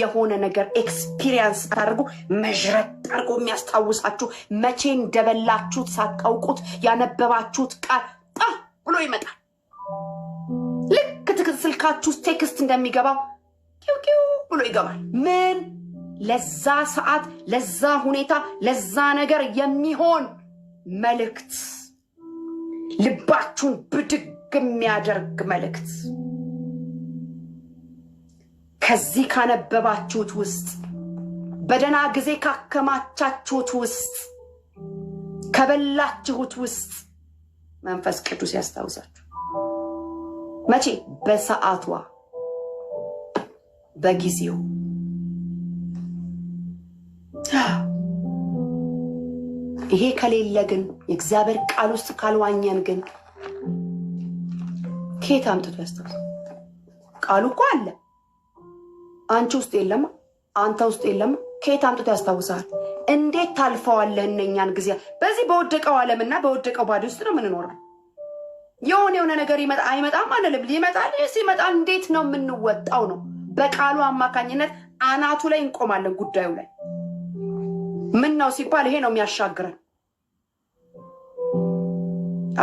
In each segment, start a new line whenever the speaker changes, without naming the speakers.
የሆነ ነገር ኤክስፒሪየንስ ታደርጉ መዥረት አድርጎ የሚያስታውሳችሁ መቼ እንደበላችሁት ሳታውቁት ያነበባችሁት ቃል ጣ ብሎ ይመጣል። ልክ ትክክል ስልካችሁ ውስጥ ቴክስት እንደሚገባው ቂውቂው ብሎ ይገባል። ምን ለዛ ሰዓት፣ ለዛ ሁኔታ፣ ለዛ ነገር የሚሆን መልእክት፣ ልባችሁን ብድግ የሚያደርግ መልእክት ከዚህ ካነበባችሁት ውስጥ በደህና ጊዜ ካከማቻችሁት ውስጥ ከበላችሁት ውስጥ መንፈስ ቅዱስ ያስታውሳችሁ። መቼ? በሰዓቷ በጊዜው ይሄ ከሌለ ግን የእግዚአብሔር ቃል ውስጥ ካልዋኘን ግን ከየት አምጥቶ ያስታውሳል? ቃሉ እኮ አለ። አንቺ ውስጥ የለም፣ አንተ ውስጥ የለም። ከየት አምጥቶ ያስታውሳል? እንዴት ታልፈዋለህ እነኛን ጊዜ? በዚህ በወደቀው ዓለምና በወደቀው ባዲ ውስጥ ነው የምንኖረው። የሆነ የሆነ ነገር አይመጣም አንልም። ሊመጣል ሲመጣ እንዴት ነው የምንወጣው? ነው በቃሉ አማካኝነት አናቱ ላይ እንቆማለን። ጉዳዩ ላይ ምን ነው ሲባል ይሄ ነው የሚያሻግረን።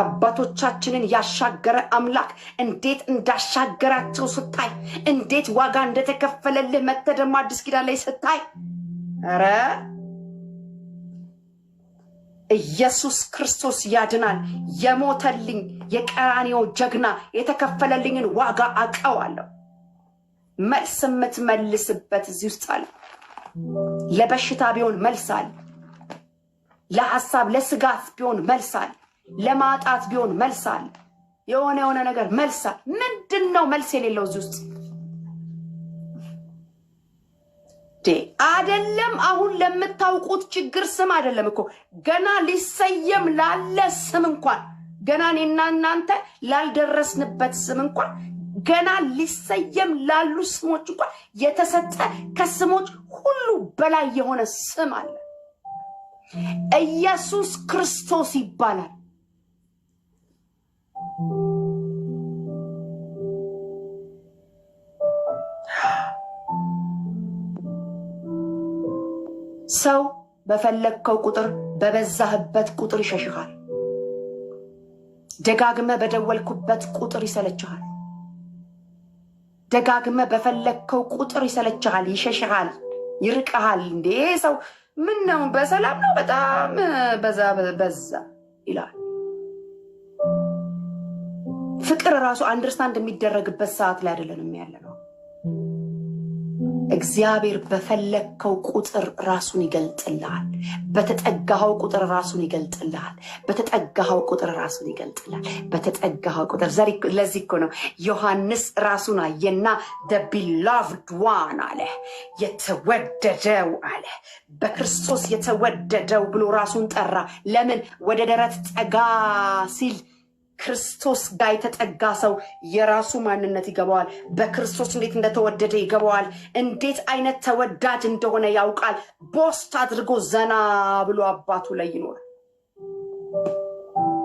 አባቶቻችንን ያሻገረ አምላክ እንዴት እንዳሻገራቸው ስታይ፣ እንዴት ዋጋ እንደተከፈለልህ መጥተህ ደግሞ አዲስ ኪዳን ላይ ስታይ፣ ኧረ ኢየሱስ ክርስቶስ ያድናል። የሞተልኝ የቀራኔው ጀግና የተከፈለልኝን ዋጋ አቀዋለሁ። መልስ የምትመልስበት እዚህ ውስጥ አለ። ለበሽታ ቢሆን መልስ አለ። ለሀሳብ ለስጋት ቢሆን መልስ አለ። ለማጣት ቢሆን መልስ አለ። የሆነ የሆነ ነገር መልስ አለ። ምንድን ነው መልስ የሌለው እዚህ ውስጥ አደለም? አሁን ለምታውቁት ችግር ስም አደለም እኮ ገና ሊሰየም ላለ ስም እንኳን ገና እኔና እናንተ ላልደረስንበት ስም እንኳን ገና ሊሰየም ላሉ ስሞች እንኳን የተሰጠ ከስሞች ሁሉ በላይ የሆነ ስም አለ። ኢየሱስ ክርስቶስ ይባላል። ሰው በፈለግከው ቁጥር በበዛህበት ቁጥር ይሸሽሃል። ደጋግመ በደወልኩበት ቁጥር ይሰለችሃል። ደጋግመ በፈለግከው ቁጥር ይሰለችሃል፣ ይሸሽሃል፣ ይርቀሃል። እንዴ ሰው ምን ነው በሰላም ነው? በጣም በዛ በዛ ይላል። ፍቅር ራሱ አንደርስታንድ የሚደረግበት ሰዓት ላይ አይደለንም ያለ ነው። እግዚአብሔር በፈለግከው ቁጥር ራሱን ይገልጥልሃል። በተጠጋኸው ቁጥር ራሱን ይገልጥልሃል። በተጠጋኸው ቁጥር ራሱን ይገልጥልሃል። በተጠጋኸው ቁጥር ለዚህ እኮ ነው ዮሐንስ ራሱን አየና ደ ቢላቭድ ዋን አለ፣ የተወደደው አለ፣ በክርስቶስ የተወደደው ብሎ ራሱን ጠራ። ለምን ወደ ደረት ጠጋ ሲል ክርስቶስ ጋር የተጠጋ ሰው የራሱ ማንነት ይገባዋል። በክርስቶስ እንዴት እንደተወደደ ይገባዋል። እንዴት አይነት ተወዳጅ እንደሆነ ያውቃል። ቦስት አድርጎ ዘና ብሎ አባቱ ላይ ይኖራል።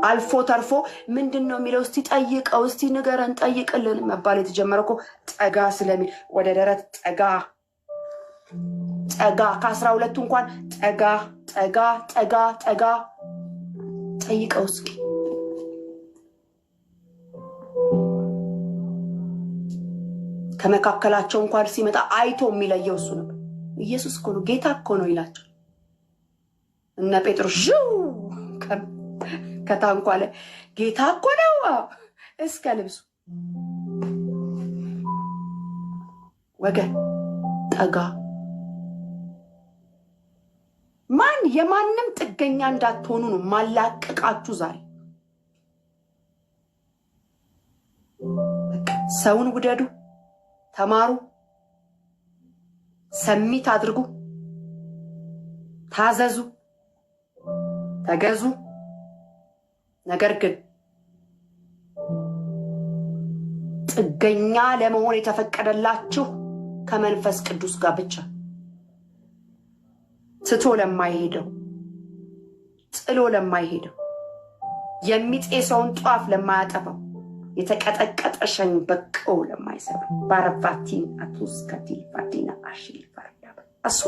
አልፎ ተርፎ ምንድን ነው የሚለው? እስቲ ጠይቀው፣ እስቲ ንገረን፣ ጠይቅልን መባል የተጀመረ እኮ ጠጋ ስለሚል ወደ ደረት ጠጋ ጠጋ ከአስራ ሁለቱ እንኳን ጠጋ ጠጋ ጠጋ ጠጋ ጠይቀው እስኪ ከመካከላቸው እንኳን ሲመጣ አይቶ የሚለየው እሱ ነበር። ኢየሱስ እኮ ነው ጌታ እኮ ነው ይላቸው እነ ጴጥሮስ ዥው ከታንኳ ላይ ጌታ እኮ ነው እስከ ልብሱ ወገን ጠጋ ማን የማንም ጥገኛ እንዳትሆኑ ነው ማላቅቃችሁ ዛሬ ሰውን ውደዱ። ተማሩ፣ ሰሚት አድርጉ፣ ታዘዙ፣ ተገዙ። ነገር ግን ጥገኛ ለመሆን የተፈቀደላችሁ ከመንፈስ ቅዱስ ጋር ብቻ ትቶ ለማይሄደው ጥሎ ለማይሄደው የሚጤሰውን ጧፍ ለማያጠፋው የተቀጠቀጠ በቀው ለማይሰብ ባረባቲን አቱስ ከቲል ባዲና አሽል ባርዳ እሷ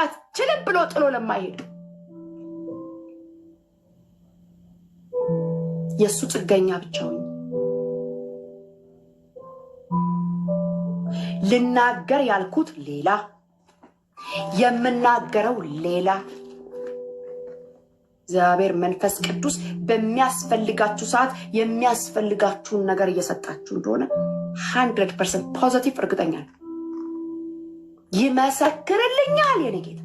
አችልም ብሎ ጥሎ ለማይሄድ የእሱ ጥገኛ ብቻውን ልናገር ያልኩት ሌላ የምናገረው ሌላ እግዚአብሔር መንፈስ ቅዱስ በሚያስፈልጋችሁ ሰዓት የሚያስፈልጋችሁን ነገር እየሰጣችሁ እንደሆነ ሀንድረድ ፐርሰንት ፖዘቲቭ እርግጠኛ ነው። ይመሰክርልኛል የኔ ጌታ።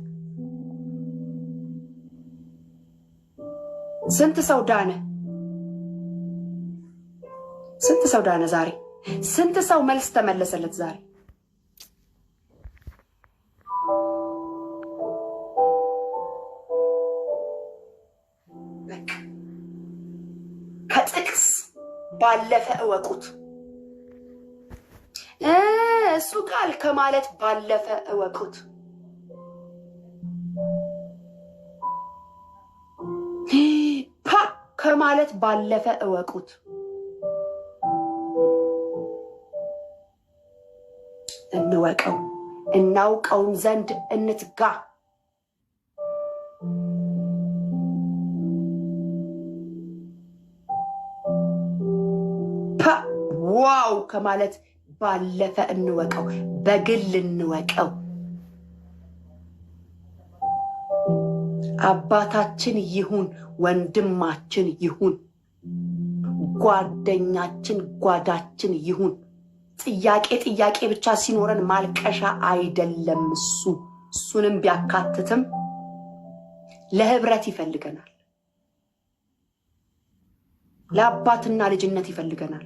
ስንት ሰው ዳነ? ስንት ሰው ዳነ ዛሬ? ስንት ሰው መልስ ተመለሰለት ዛሬ? ባለፈ እወቁት። እሱ ቃል ከማለት ባለፈ እወቁት። ፓ ከማለት ባለፈ እወቁት። እንወቀው እናውቀውም ዘንድ እንትጋ። ከማለት ባለፈ እንወቀው፣ በግል እንወቀው። አባታችን ይሁን፣ ወንድማችን ይሁን፣ ጓደኛችን፣ ጓዳችን ይሁን። ጥያቄ ጥያቄ ብቻ ሲኖረን ማልቀሻ አይደለም። እሱ እሱንም ቢያካትትም ለህብረት ይፈልገናል፣ ለአባትና ልጅነት ይፈልገናል።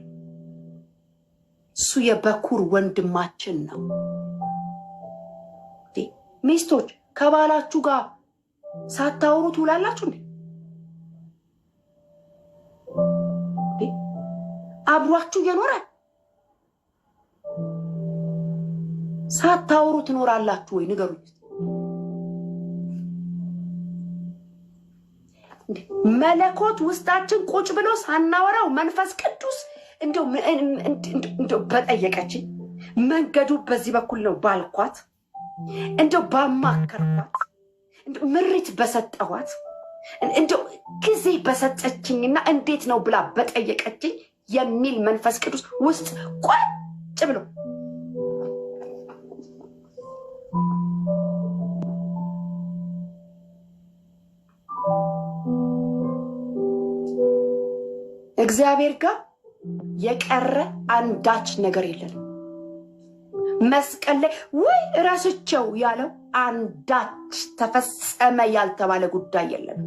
እሱ የበኩር ወንድማችን ነው። ሚስቶች ከባላችሁ ጋር ሳታወሩ ትውላላችሁ እንዴ? አብሯችሁ እየኖረ ሳታወሩ ትኖራላችሁ ወይ? ንገሩኝ። መለኮት ውስጣችን ቁጭ ብሎ ሳናወራው መንፈስ ቅዱስ እንደው እንደው በጠየቀችኝ መንገዱ በዚህ በኩል ነው ባልኳት፣ እንደው ባማከርኳት፣ ምሪት በሰጠኋት፣ እንደው ጊዜ በሰጠችኝና እንዴት ነው ብላ በጠየቀችኝ የሚል መንፈስ ቅዱስ ውስጥ ቁጭ ብሎ እግዚአብሔር ጋር የቀረ አንዳች ነገር የለንም። መስቀል ላይ ወይ ረስቸው ያለው አንዳች ተፈጸመ ያልተባለ ጉዳይ የለም።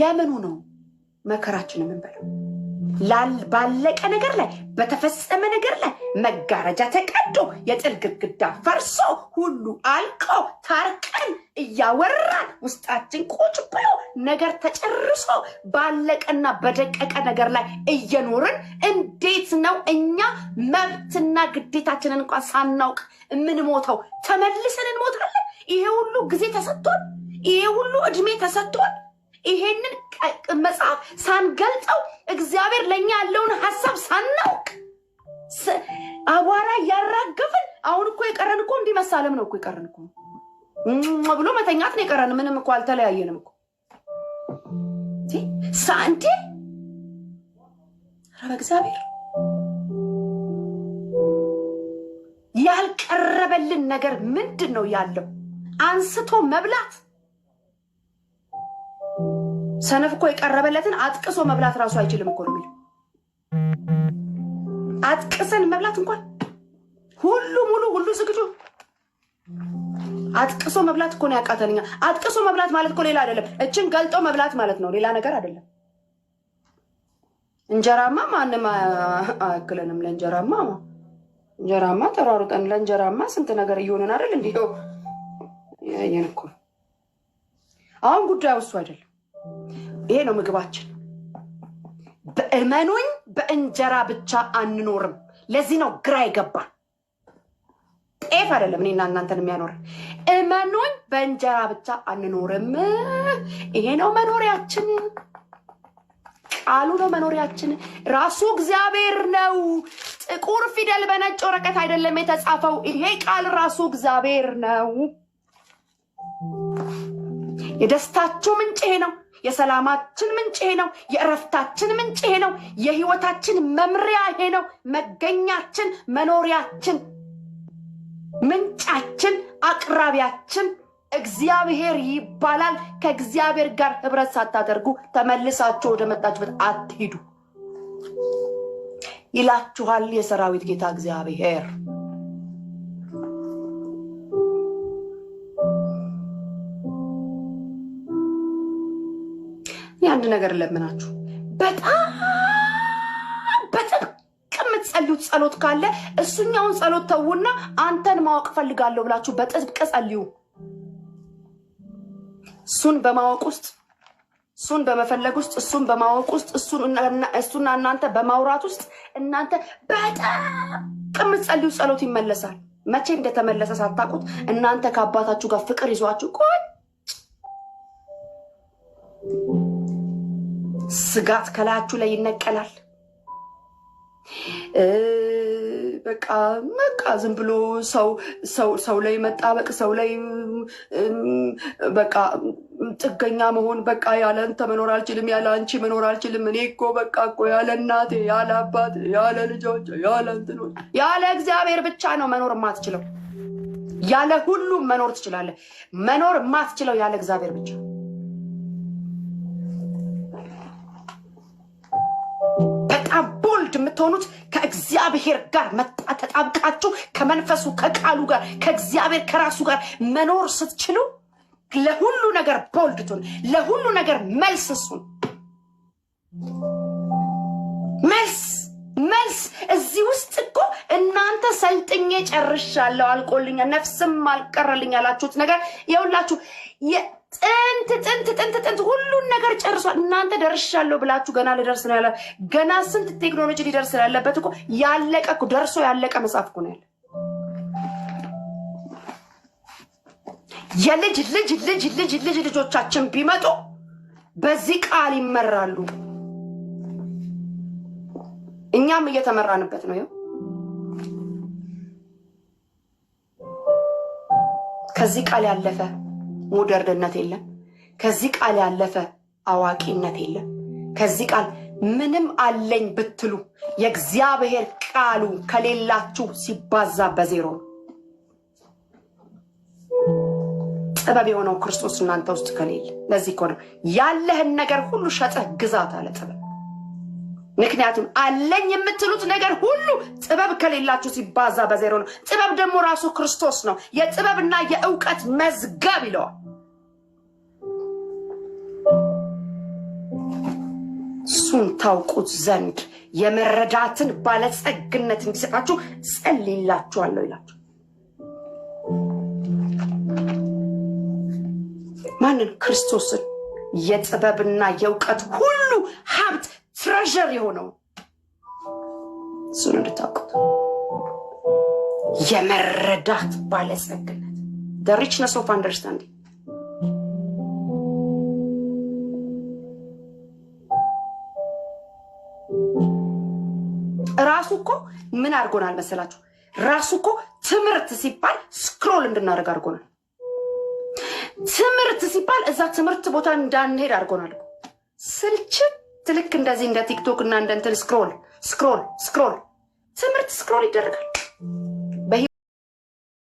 ለምኑ ነው መከራችን የምንበለው? ባለቀ ነገር ላይ በተፈጸመ ነገር ላይ መጋረጃ ተቀዶ የጥል ግድግዳ ፈርሶ ሁሉ አልቆ ታርቀን እያወራ ውስጣችን ቁጭ ብሎ ነገር ተጨርሶ ባለቀና በደቀቀ ነገር ላይ እየኖርን እንዴት ነው እኛ መብትና ግዴታችንን እንኳን ሳናውቅ የምንሞተው? ተመልሰን እንሞታለን። ይሄ ሁሉ ጊዜ ተሰጥቷል። ይሄ ሁሉ እድሜ ተሰጥቷል። ይሄንን መጽሐፍ ሳንገልጠው እግዚአብሔር ለእኛ ያለውን ሀሳብ ሳናውቅ አቧራ እያራገፍን አሁን እኮ የቀረን እኮ እንዲመሳለም ነው እኮ የቀረን እኮ ብሎ መተኛት ነው የቀረን። ምንም እኮ አልተለያየንም እኮ ሳንቴ ረበ እግዚአብሔር ያልቀረበልን ነገር ምንድን ነው ያለው? አንስቶ መብላት ሰነፍ እኮ የቀረበለትን አጥቅሶ መብላት እራሱ አይችልም እኮ የሚለው። አጥቅሰን መብላት እንኳን ሁሉ ሙሉ ሁሉ ዝግጁ አጥቅሶ መብላት እኮ ነው ያቃተንኛ። አጥቅሶ መብላት ማለት እኮ ሌላ አይደለም፣ እችን ገልጦ መብላት ማለት ነው፣ ሌላ ነገር አይደለም። እንጀራማ ማንም አያክለንም። ለእንጀራማ እንጀራማ ተሯሩጠን ለእንጀራማ ስንት ነገር እየሆንን አይደል? እንዲው ያየን እኮ አሁን ጉዳዩ እሱ አይደለም። ይሄ ነው ምግባችን። በእመኑኝ በእንጀራ ብቻ አንኖርም። ለዚህ ነው ግራ የገባን ጤፍ አይደለም እኔና እናንተን የሚያኖረን እመኑኝ፣ በእንጀራ ብቻ አንኖርም። ይሄ ነው መኖሪያችን። ቃሉ ነው መኖሪያችን። ራሱ እግዚአብሔር ነው። ጥቁር ፊደል በነጭ ወረቀት አይደለም የተጻፈው። ይሄ ቃል ራሱ እግዚአብሔር ነው። የደስታችሁ ምንጭ ይሄ ነው። የሰላማችን ምንጭ ይሄ ነው። የእረፍታችን ምንጭ ይሄ ነው። የህይወታችን መምሪያ ይሄ ነው። መገኛችን፣ መኖሪያችን፣ ምንጫችን አቅራቢያችን እግዚአብሔር ይባላል። ከእግዚአብሔር ጋር ህብረት ሳታደርጉ ተመልሳችሁ ወደ መጣችበት አትሂዱ ይላችኋል የሰራዊት ጌታ እግዚአብሔር። አንድ ነገር ለምናችሁ በጣም የምትጸልዩት ጸሎት ካለ እሱኛውን ጸሎት ተዉና አንተን ማወቅ ፈልጋለሁ ብላችሁ በጥብቅ ጸልዩ። እሱን በማወቅ ውስጥ እሱን በመፈለግ ውስጥ እሱን በማወቅ ውስጥ እሱና እናንተ በማውራት ውስጥ እናንተ በጣም የምትጸልዩ ጸሎት ይመለሳል። መቼ እንደተመለሰ ሳታውቁት እናንተ ከአባታችሁ ጋር ፍቅር ይዟችሁ ቆይ ስጋት ከላያችሁ ላይ ይነቀላል። በቃ በቃ ዝም ብሎ ሰው ላይ መጣበቅ ሰው ላይ በቃ ጥገኛ መሆን በቃ ያለ አንተ መኖር አልችልም፣ ያለ አንቺ መኖር አልችልም። እኔ እኮ በቃ እኮ ያለ እናቴ፣ ያለ አባት፣ ያለ ልጆች፣ ያለ እንትኖች፣ ያለ እግዚአብሔር ብቻ ነው መኖር የማትችለው። ያለ ሁሉም መኖር ትችላለህ። መኖር የማትችለው ያለ እግዚአብሔር ብቻ የምትሆኑት ከእግዚአብሔር ጋር ተጣብቃችሁ ከመንፈሱ ከቃሉ ጋር ከእግዚአብሔር ከራሱ ጋር መኖር ስትችሉ ለሁሉ ነገር ቦልድቱን ለሁሉ ነገር መልስ እሱን መልስ መልስ እዚህ ውስጥ እኮ እናንተ ሰልጥኜ ጨርሻለሁ፣ አልቆልኛል፣ ነፍስም አልቀረልኝ ያላችሁት ነገር የሁላችሁ ጥንት ጥንት ጥንት ጥንት ሁሉን ነገር ጨርሷል። እናንተ ደርሻለሁ ብላችሁ ገና ልደርስ ነው ያለ ገና ስንት ቴክኖሎጂ ሊደርስ ያለበት እኮ ያለቀ እኮ ደርሶ ያለቀ መጽሐፍ እኮ ነው ያለ የልጅ ልጅ ልጅ ልጅ ልጅ ልጆቻችን ቢመጡ በዚህ ቃል ይመራሉ። እኛም እየተመራንበት ነው። ከዚህ ቃል ያለፈ ሞደርንነት የለም። ከዚህ ቃል ያለፈ አዋቂነት የለም። ከዚህ ቃል ምንም አለኝ ብትሉ የእግዚአብሔር ቃሉ ከሌላችሁ ሲባዛ በዜሮ ነው። ጥበብ የሆነው ክርስቶስ እናንተ ውስጥ ከሌለ ለዚህ ከሆነ ያለህን ነገር ሁሉ ሸጠህ ግዛት አለ ጥበብ። ምክንያቱም አለኝ የምትሉት ነገር ሁሉ ጥበብ ከሌላችሁ ሲባዛ በዜሮ ነው። ጥበብ ደግሞ ራሱ ክርስቶስ ነው። የጥበብና የእውቀት መዝገብ ይለዋል። እርሱን ታውቁት ዘንድ የመረዳትን ባለጸግነት እንዲሰጣችሁ ጸልይላችኋለሁ ይላችሁ። ማንን? ክርስቶስን የጥበብና የእውቀት ሁሉ ሀብት ትሬዠር የሆነው እሱን እንድታውቁት የመረዳት ባለጸግነት ሪችነስ ኦፍ አንደርስታንዲንግ እኮ ምን አድርጎናል መሰላችሁ? ራሱ እኮ ትምህርት ሲባል ስክሮል እንድናደርግ አድርጎናል። ትምህርት ሲባል እዛ ትምህርት ቦታ እንዳንሄድ አድርጎናል። ስልችት ልክ እንደዚህ እንደ ቲክቶክ እና እንደ እንትን ስክሮል ስክሮል ስክሮል ትምህርት ስክሮል ይደረጋል።